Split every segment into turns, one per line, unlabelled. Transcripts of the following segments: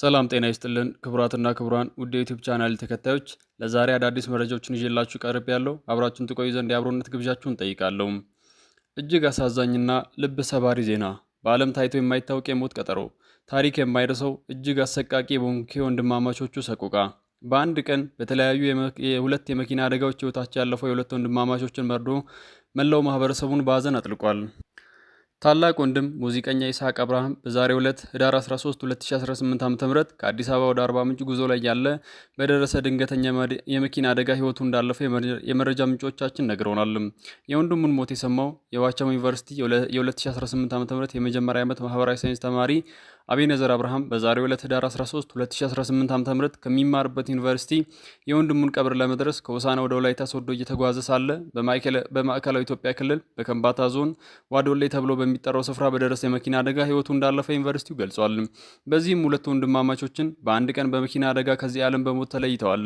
ሰላም ጤና ይስጥልን ክቡራትና ክቡራን ውድ የዩቲዩብ ቻናል ተከታዮች፣ ለዛሬ አዳዲስ መረጃዎችን ይዤላችሁ ቀርብ ያለው አብራችሁን ትቆዩ ዘንድ የአብሮነት ግብዣችሁን ጠይቃለሁ። እጅግ አሳዛኝና ልብ ሰባሪ ዜና፣ በዓለም ታይቶ የማይታወቅ የሞት ቀጠሮ፣ ታሪክ የማይደርሰው እጅግ አሰቃቂ የቦንኬ ወንድማማቾቹ ሰቆቃ። በአንድ ቀን በተለያዩ የሁለት የመኪና አደጋዎች ህይወታቸው ያለፈው የሁለት ወንድማማቾችን መርዶ መላው ማህበረሰቡን በሀዘን አጥልቋል። ታላቅ ወንድም ሙዚቀኛ ይስሐቅ አብርሃም በዛሬው ዕለት ህዳር 13 2018 ዓ.ም ከአዲስ አበባ ወደ አርባ ምንጭ ጉዞ ላይ ያለ በደረሰ ድንገተኛ የመኪና አደጋ ህይወቱ እንዳለፈ የመረጃ ምንጮቻችን ነግረውናል። የወንድሙን ሞት የሰማው የዋቸሞ ዩኒቨርሲቲ የ2018 ዓ.ም የመጀመሪያ ዓመት ማህበራዊ ሳይንስ ተማሪ አቤነዘር አብርሃም በዛሬው ዕለት ህዳር 13 2018 ዓ.ም ከሚማርበት ዩኒቨርሲቲ የወንድሙን ቀብር ለመድረስ ከውሳነ ወደ ወላይታ ሶዶ እየተጓዘ ሳለ በማዕከላዊ ኢትዮጵያ ክልል በከምባታ ዞን ዋዶሌ ተብሎ በሚጠራው ስፍራ በደረሰ የመኪና አደጋ ህይወቱ እንዳለፈ ዩኒቨርሲቲው ገልጿል። በዚህም ሁለት ወንድማማቾችን በአንድ ቀን በመኪና አደጋ ከዚህ ዓለም በሞት ተለይተዋል።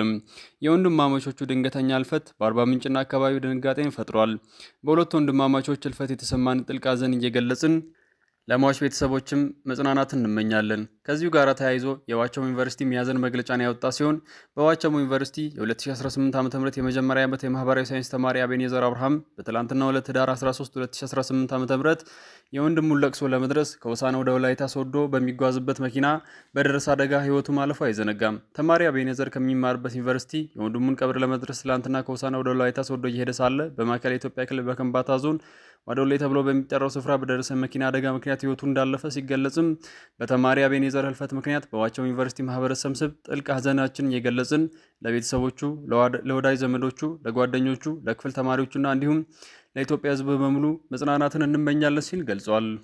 የወንድማማቾቹ ድንገተኛ እልፈት በአርባ ምንጭና አካባቢው ድንጋጤን ፈጥሯል። በሁለቱ ወንድማማቾች እልፈት የተሰማን ጥልቅ ሐዘን እየገለጽን ለሟች ቤተሰቦችም መጽናናት እንመኛለን። ከዚሁ ጋር ተያይዞ የዋቸሞ ዩኒቨርሲቲ የሐዘን መግለጫን ያወጣ ሲሆን በዋቸሞ ዩኒቨርሲቲ የ2018 ዓ ም የመጀመሪያ ዓመት የማህበራዊ ሳይንስ ተማሪ አቤኔዘር አብርሃም በትላንትና ሁለት ህዳር 13 2018 ዓ ም የወንድሙን ለቅሶ ለመድረስ ከውሳነ ወደ ወላይታ ሶዶ በሚጓዝበት መኪና በደረሰ አደጋ ህይወቱ ማለፉ አይዘነጋም። ተማሪ አቤኔዘር ከሚማርበት ዩኒቨርሲቲ የወንድሙን ቀብር ለመድረስ ትላንትና ከውሳነ ወደ ወላይታ ሶዶ እየሄደ ሳለ በማዕከላዊ ኢትዮጵያ ክልል በከምባታ ዞን ዋዶሌ ተብሎ በሚጠራው ስፍራ በደረሰ መኪና አደጋ ምክንያት ህይወቱ እንዳለፈ ሲገለጽም በተማሪ አቤኔዘር ህልፈት ምክንያት በዋቸው ዩኒቨርሲቲ ማህበረሰብ ስብ ጥልቅ ሐዘናችን እየገለጽን ለቤተሰቦቹ፣ ለወዳጅ ዘመዶቹ፣ ለጓደኞቹ፣ ለክፍል ተማሪዎቹና እንዲሁም ለኢትዮጵያ ህዝብ በሙሉ መጽናናትን እንመኛለን ሲል ገልጿል።